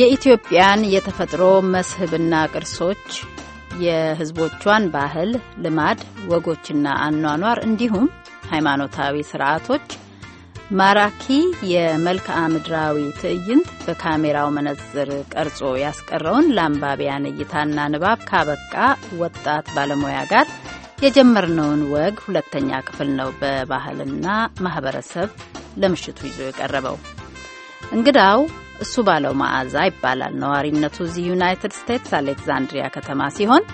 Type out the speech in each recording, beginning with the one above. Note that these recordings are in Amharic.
የኢትዮጵያን የተፈጥሮ መስህብና ቅርሶች የሕዝቦቿን ባህል፣ ልማድ፣ ወጎችና አኗኗር እንዲሁም ሃይማኖታዊ ስርዓቶች ማራኪ የመልክዓ ምድራዊ ትዕይንት በካሜራው መነጽር ቀርጾ ያስቀረውን ለአንባቢያን እይታና ንባብ ካበቃ ወጣት ባለሙያ ጋር የጀመርነውን ወግ ሁለተኛ ክፍል ነው። በባህልና ማህበረሰብ ለምሽቱ ይዞ የቀረበው እንግዳው እሱ ባለው መዓዛ ይባላል። ነዋሪነቱ እዚህ ዩናይትድ ስቴትስ አሌክዛንድሪያ ከተማ ሲሆን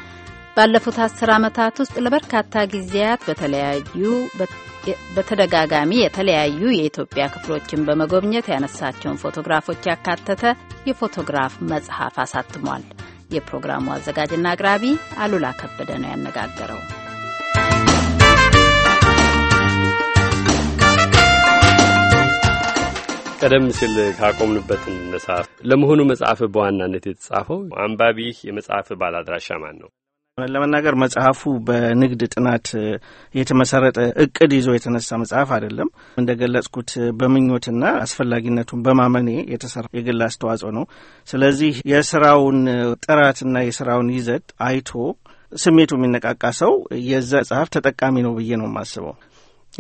ባለፉት አስር ዓመታት ውስጥ ለበርካታ ጊዜያት በተለያዩ በተደጋጋሚ የተለያዩ የኢትዮጵያ ክፍሎችን በመጎብኘት ያነሳቸውን ፎቶግራፎች ያካተተ የፎቶግራፍ መጽሐፍ አሳትሟል። የፕሮግራሙ አዘጋጅና አቅራቢ አሉላ ከበደ ነው ያነጋገረው። ቀደም ሲል ካቆምንበት እንነሳ። ለመሆኑ መጽሐፍ በዋናነት የተጻፈው አንባቢህ የመጽሐፍ ባላድራሻ ማን ነው? ለመናገር መጽሐፉ በንግድ ጥናት የተመሰረተ እቅድ ይዞ የተነሳ መጽሐፍ አይደለም። እንደገለጽኩት በምኞትና አስፈላጊነቱን በማመኔ የተሰራ የግል አስተዋጽኦ ነው። ስለዚህ የስራውን ጥራትና የስራውን ይዘት አይቶ ስሜቱ የሚነቃቃ ሰው የዛ መጽሐፍ ተጠቃሚ ነው ብዬ ነው የማስበው።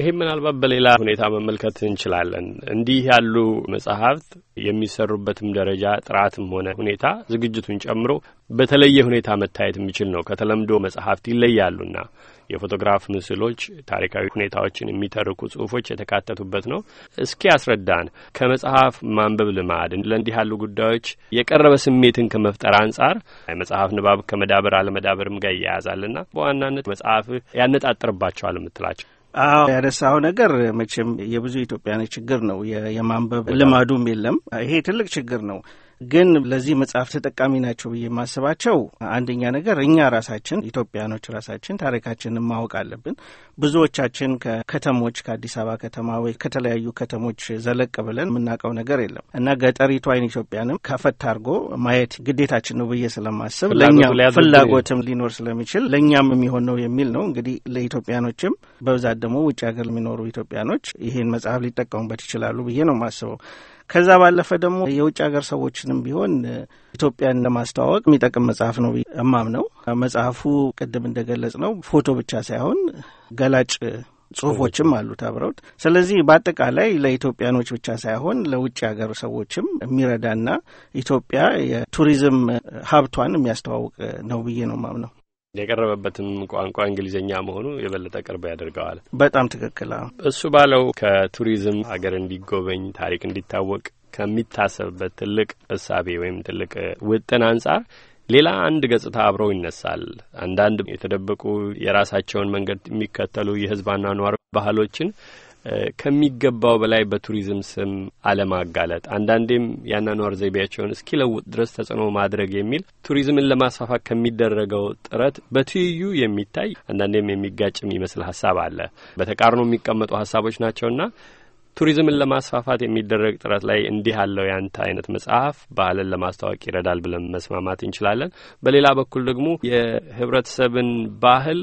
ይሄ ምናልባት በሌላ ሁኔታ መመልከት እንችላለን። እንዲህ ያሉ መጽሐፍት የሚሰሩበትም ደረጃ ጥራትም ሆነ ሁኔታ ዝግጅቱን ጨምሮ በተለየ ሁኔታ መታየት የሚችል ነው። ከተለምዶ መጽሐፍት ይለያሉና የፎቶግራፍ ምስሎች፣ ታሪካዊ ሁኔታዎችን የሚተርኩ ጽሁፎች የተካተቱበት ነው። እስኪ ያስረዳን ከመጽሐፍ ማንበብ ልማድ ለእንዲህ ያሉ ጉዳዮች የቀረበ ስሜትን ከመፍጠር አንጻር የመጽሐፍ ንባብ ከመዳበር አለመዳበርም ጋር ይያያዛልና በዋናነት መጽሐፍ ያነጣጥርባቸዋል የምትላቸው አዎ ያነሳው ነገር መቼም የብዙ ኢትዮጵያን ችግር ነው። የማንበብ ልማዱም የለም። ይሄ ትልቅ ችግር ነው። ግን ለዚህ መጽሐፍ ተጠቃሚ ናቸው ብዬ የማስባቸው አንደኛ ነገር እኛ ራሳችን ኢትዮጵያኖች ራሳችን ታሪካችንን ማወቅ አለብን። ብዙዎቻችን ከከተሞች ከአዲስ አበባ ከተማ ወይ ከተለያዩ ከተሞች ዘለቅ ብለን የምናውቀው ነገር የለም እና ገጠሪቷን ኢትዮጵያንም ከፈት አድርጎ ማየት ግዴታችን ነው ብዬ ስለማስብ ለእኛ ፍላጎትም ሊኖር ስለሚችል ለእኛም የሚሆን ነው የሚል ነው። እንግዲህ ለኢትዮጵያኖችም በብዛት ደግሞ ውጭ ሀገር የሚኖሩ ኢትዮጵያኖች ይህን መጽሐፍ ሊጠቀሙበት ይችላሉ ብዬ ነው የማስበው። ከዛ ባለፈ ደግሞ የውጭ ሀገር ሰዎችንም ቢሆን ኢትዮጵያን ለማስተዋወቅ የሚጠቅም መጽሐፍ ነው እማም ነው። መጽሐፉ ቅድም እንደገለጽ ነው ፎቶ ብቻ ሳይሆን ገላጭ ጽሁፎችም አሉት አብረውት። ስለዚህ በአጠቃላይ ለኢትዮጵያኖች ብቻ ሳይሆን ለውጭ ሀገር ሰዎችም የሚረዳና ኢትዮጵያ የቱሪዝም ሀብቷን የሚያስተዋውቅ ነው ብዬ ነው ማምነው። የቀረበበትም ቋንቋ እንግሊዝኛ መሆኑ የበለጠ ቅርብ ያደርገዋል። በጣም ትክክል። እሱ ባለው ከቱሪዝም ሀገር እንዲጎበኝ ታሪክ እንዲታወቅ ከሚታሰብበት ትልቅ እሳቤ ወይም ትልቅ ውጥን አንጻር ሌላ አንድ ገጽታ አብረው ይነሳል። አንዳንድ የተደበቁ የራሳቸውን መንገድ የሚከተሉ የህዝብ አኗኗር ባህሎችን ከሚገባው በላይ በቱሪዝም ስም አለማጋለጥ፣ አንዳንዴም የአኗኗር ዘይቤያቸውን ለውጥ ድረስ ተጽዕኖ ማድረግ የሚል ቱሪዝምን ለማስፋፋት ከሚደረገው ጥረት በትይዩ የሚታይ አንዳንዴም የሚጋጭ የሚመስል ሀሳብ አለ። በተቃርኖ የሚቀመጡ ሀሳቦች ናቸውና ቱሪዝምን ለማስፋፋት የሚደረግ ጥረት ላይ እንዲህ ያለው ያንተ አይነት መጽሐፍ ባህልን ለማስተዋወቅ ይረዳል ብለን መስማማት እንችላለን። በሌላ በኩል ደግሞ የህብረተሰብን ባህል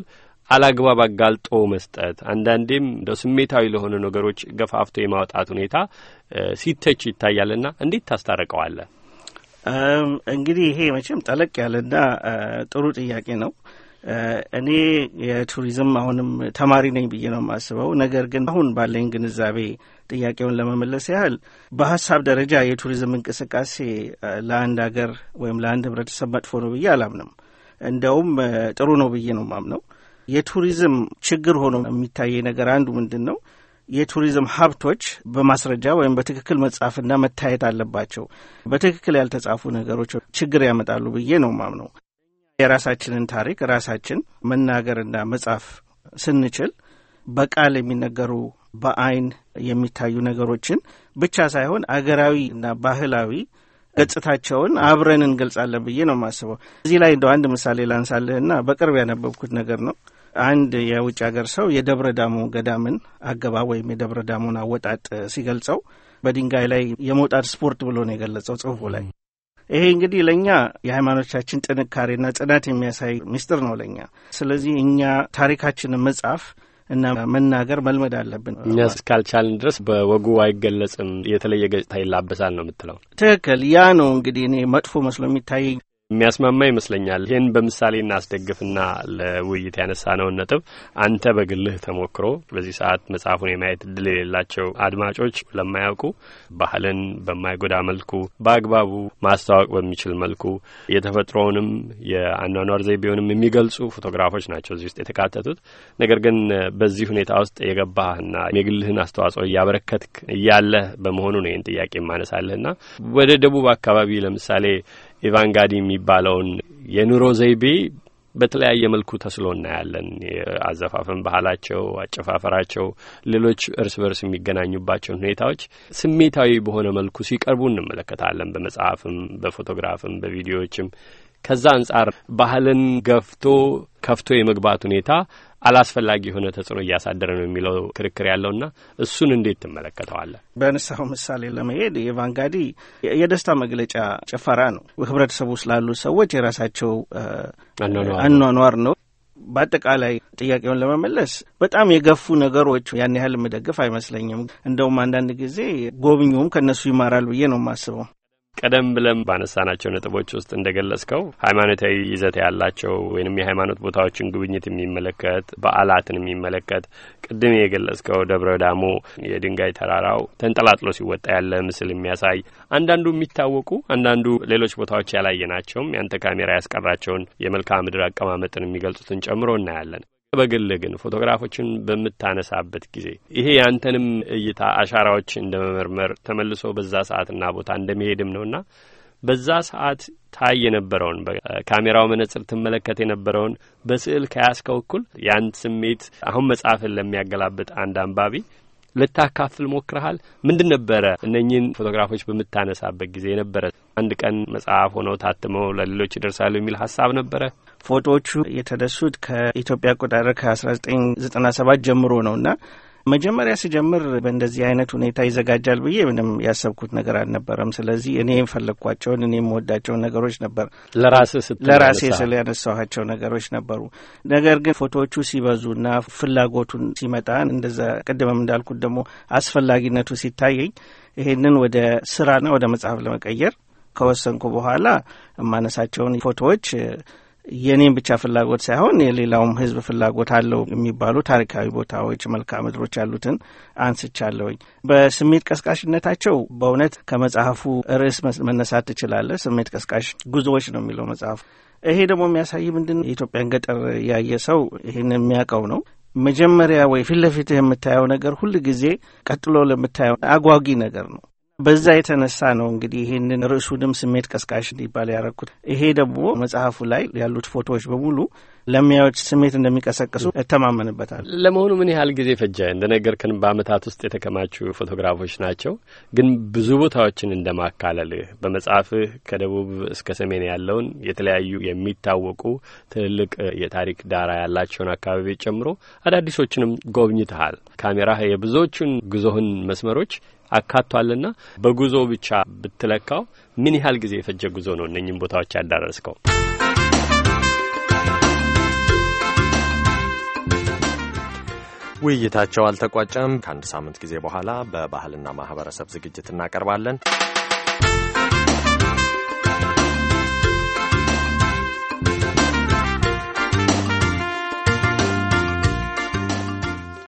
አላግባብ አጋልጦ መስጠት አንዳንዴም እንደ ስሜታዊ ለሆኑ ነገሮች ገፋፍቶ የማውጣት ሁኔታ ሲተች ይታያልና እንዴት ታስታረቀዋለ እንግዲህ ይሄ መቼም ጠለቅ ያለና ጥሩ ጥያቄ ነው። እኔ የቱሪዝም አሁንም ተማሪ ነኝ ብዬ ነው የማስበው። ነገር ግን አሁን ባለኝ ግንዛቤ ጥያቄውን ለመመለስ ያህል በሀሳብ ደረጃ የቱሪዝም እንቅስቃሴ ለአንድ ሀገር ወይም ለአንድ ህብረተሰብ መጥፎ ነው ብዬ አላምንም። እንደውም ጥሩ ነው ብዬ ነው ማምነው። የቱሪዝም ችግር ሆኖ የሚታየኝ ነገር አንዱ ምንድን ነው የቱሪዝም ሀብቶች በማስረጃ ወይም በትክክል መጻፍና መታየት አለባቸው። በትክክል ያልተጻፉ ነገሮች ችግር ያመጣሉ ብዬ ነው ማምነው። የራሳችንን ታሪክ ራሳችን መናገርና መጻፍ ስንችል በቃል የሚነገሩ በአይን የሚታዩ ነገሮችን ብቻ ሳይሆን አገራዊ እና ባህላዊ ገጽታቸውን አብረን እንገልጻለን ብዬ ነው የማስበው። እዚህ ላይ እንደ አንድ ምሳሌ ላንሳልህና በቅርብ ያነበብኩት ነገር ነው። አንድ የውጭ ሀገር ሰው የደብረ ዳሞ ገዳምን አገባ ወይም የደብረ ዳሞን አወጣጥ ሲገልጸው በድንጋይ ላይ የመውጣት ስፖርት ብሎ ነው የገለጸው ጽሁፉ ላይ። ይሄ እንግዲህ ለእኛ የሃይማኖቻችን ጥንካሬና ጽናት የሚያሳይ ሚስጥር ነው ለእኛ። ስለዚህ እኛ ታሪካችንን መጻፍ እና መናገር መልመድ አለብን። እኛ እስካልቻልን ድረስ በወጉ አይገለጽም፣ የተለየ ገጽታ ይላበሳል ነው የምትለው። ትክክል። ያ ነው እንግዲህ እኔ መጥፎ መስሎ የሚታየኝ የሚያስማማ ይመስለኛል። ይህን በምሳሌ እናስደግፍና ለውይይት ያነሳነውን ነጥብ አንተ በግልህ ተሞክሮ በዚህ ሰዓት መጽሐፉን የማየት እድል የሌላቸው አድማጮች ለማያውቁ ባህልን በማይጎዳ መልኩ በአግባቡ ማስተዋወቅ በሚችል መልኩ የተፈጥሮውንም የአኗኗር ዘይቤውንም የሚገልጹ ፎቶግራፎች ናቸው እዚህ ውስጥ የተካተቱት። ነገር ግን በዚህ ሁኔታ ውስጥ የገባህና የግልህን አስተዋጽኦ እያበረከትክ እያለህ በመሆኑ ነው ይህን ጥያቄ ማነሳለህና ወደ ደቡብ አካባቢ ለምሳሌ ኢቫንጋዲ የሚባለውን የኑሮ ዘይቤ በተለያየ መልኩ ተስሎ እናያለን። የአዘፋፈን ባህላቸው፣ አጨፋፈራቸው፣ ሌሎች እርስ በርስ የሚገናኙባቸውን ሁኔታዎች ስሜታዊ በሆነ መልኩ ሲቀርቡ እንመለከታለን። በመጽሐፍም፣ በፎቶግራፍም፣ በቪዲዮዎችም ከዛ አንጻር ባህልን ገፍቶ ከፍቶ የመግባት ሁኔታ አላስፈላጊ የሆነ ተጽዕኖ እያሳደረ ነው የሚለው ክርክር ያለውና እሱን እንዴት ትመለከተዋለን? በአነሳው ምሳሌ ለመሄድ የቫንጋዲ የደስታ መግለጫ ጭፈራ ነው። ህብረተሰቡ ላሉ ሰዎች የራሳቸው አኗኗር ነው። በአጠቃላይ ጥያቄውን ለመመለስ በጣም የገፉ ነገሮች ያን ያህል የምደግፍ አይመስለኝም። እንደውም አንዳንድ ጊዜ ጎብኚውም ከእነሱ ይማራል ብዬ ነው የማስበው። ቀደም ብለን ባነሳናቸው ነጥቦች ውስጥ እንደገለጽከው ሃይማኖታዊ ይዘት ያላቸው ወይም የሃይማኖት ቦታዎችን ጉብኝት የሚመለከት በዓላትን የሚመለከት ቅድም የገለጽከው ደብረ ዳሞ የድንጋይ ተራራው ተንጠላጥሎ ሲወጣ ያለ ምስል የሚያሳይ አንዳንዱ የሚታወቁ አንዳንዱ ሌሎች ቦታዎች ያላየናቸውም ያንተ ካሜራ ያስቀራቸውን የመልክዓ ምድር አቀማመጥን የሚገልጹትን ጨምሮ እናያለን። በግል ግን ፎቶግራፎችን በምታነሳበት ጊዜ ይሄ ያንተንም እይታ አሻራዎች እንደ መመርመር ተመልሶ በዛ ሰዓትና ቦታ እንደሚሄድም ነውና በዛ ሰዓት ታይ የነበረውን በካሜራው መነጽር ትመለከት የነበረውን በስዕል ከያስከው እኩል ያን ስሜት አሁን መጽሐፍን ለሚያገላብጥ አንድ አንባቢ ልታካፍል ሞክረሃል? ምንድን ነበረ እነኚህን ፎቶግራፎች በምታነሳበት ጊዜ የነበረ አንድ ቀን መጽሐፍ ሆነው ታትመው ለሌሎች ይደርሳሉ የሚል ሀሳብ ነበረ? ፎቶዎቹ የተነሱት ከኢትዮጵያ አቆጣጠር ከ1997 ጀምሮ ነው እና መጀመሪያ ስጀምር በእንደዚህ አይነት ሁኔታ ይዘጋጃል ብዬ ምንም ያሰብኩት ነገር አልነበረም። ስለዚህ እኔ የፈለግኳቸውን እኔ የምወዳቸውን ነገሮች ነበር ለራሴ ስል ያነሳኋቸው ነገሮች ነበሩ። ነገር ግን ፎቶዎቹ ሲበዙና ፍላጎቱን ሲመጣ እንደዛ ቅድምም እንዳልኩት ደግሞ አስፈላጊነቱ ሲታየኝ ይሄንን ወደ ስራና ወደ መጽሐፍ ለመቀየር ከወሰንኩ በኋላ የማነሳቸውን ፎቶዎች የኔም ብቻ ፍላጎት ሳይሆን የሌላውም ህዝብ ፍላጎት አለው የሚባሉ ታሪካዊ ቦታዎች፣ መልክዓ ምድሮች ያሉትን አንስቻለሁኝ። በስሜት ቀስቃሽነታቸው በእውነት ከመጽሐፉ ርዕስ መነሳት ትችላለህ። ስሜት ቀስቃሽ ጉዞዎች ነው የሚለው መጽሐፉ። ይሄ ደግሞ የሚያሳይ ምንድን የኢትዮጵያን ገጠር ያየ ሰው ይህን የሚያውቀው ነው። መጀመሪያ ወይ ፊት የምታየው ነገር ሁል ጊዜ ቀጥሎ ለምታየው አጓጊ ነገር ነው በዛ የተነሳ ነው እንግዲህ ይህንን ርዕሱንም ስሜት ቀስቃሽ እንዲባል ያደረኩት። ይሄ ደግሞ መጽሐፉ ላይ ያሉት ፎቶዎች በሙሉ ለሚያዎች ስሜት እንደሚቀሰቅሱ እተማመንበታል። ለመሆኑ ምን ያህል ጊዜ ፈጀ? እንደነገርከን በአመታት ውስጥ የተከማቹ ፎቶግራፎች ናቸው፣ ግን ብዙ ቦታዎችን እንደማካለልህ በመጽሐፍህ ከደቡብ እስከ ሰሜን ያለውን የተለያዩ የሚታወቁ ትልልቅ የታሪክ ዳራ ያላቸውን አካባቢዎች ጨምሮ አዳዲሶችንም ጎብኝተሃል። ካሜራህ የብዙዎቹን ጉዞህን መስመሮች አካቷልና በጉዞ ብቻ ብትለካው ምን ያህል ጊዜ የፈጀ ጉዞ ነው እነኝም ቦታዎች ያዳረስከው? ውይይታቸው አልተቋጨም። ከአንድ ሳምንት ጊዜ በኋላ በባህልና ማህበረሰብ ዝግጅት እናቀርባለን።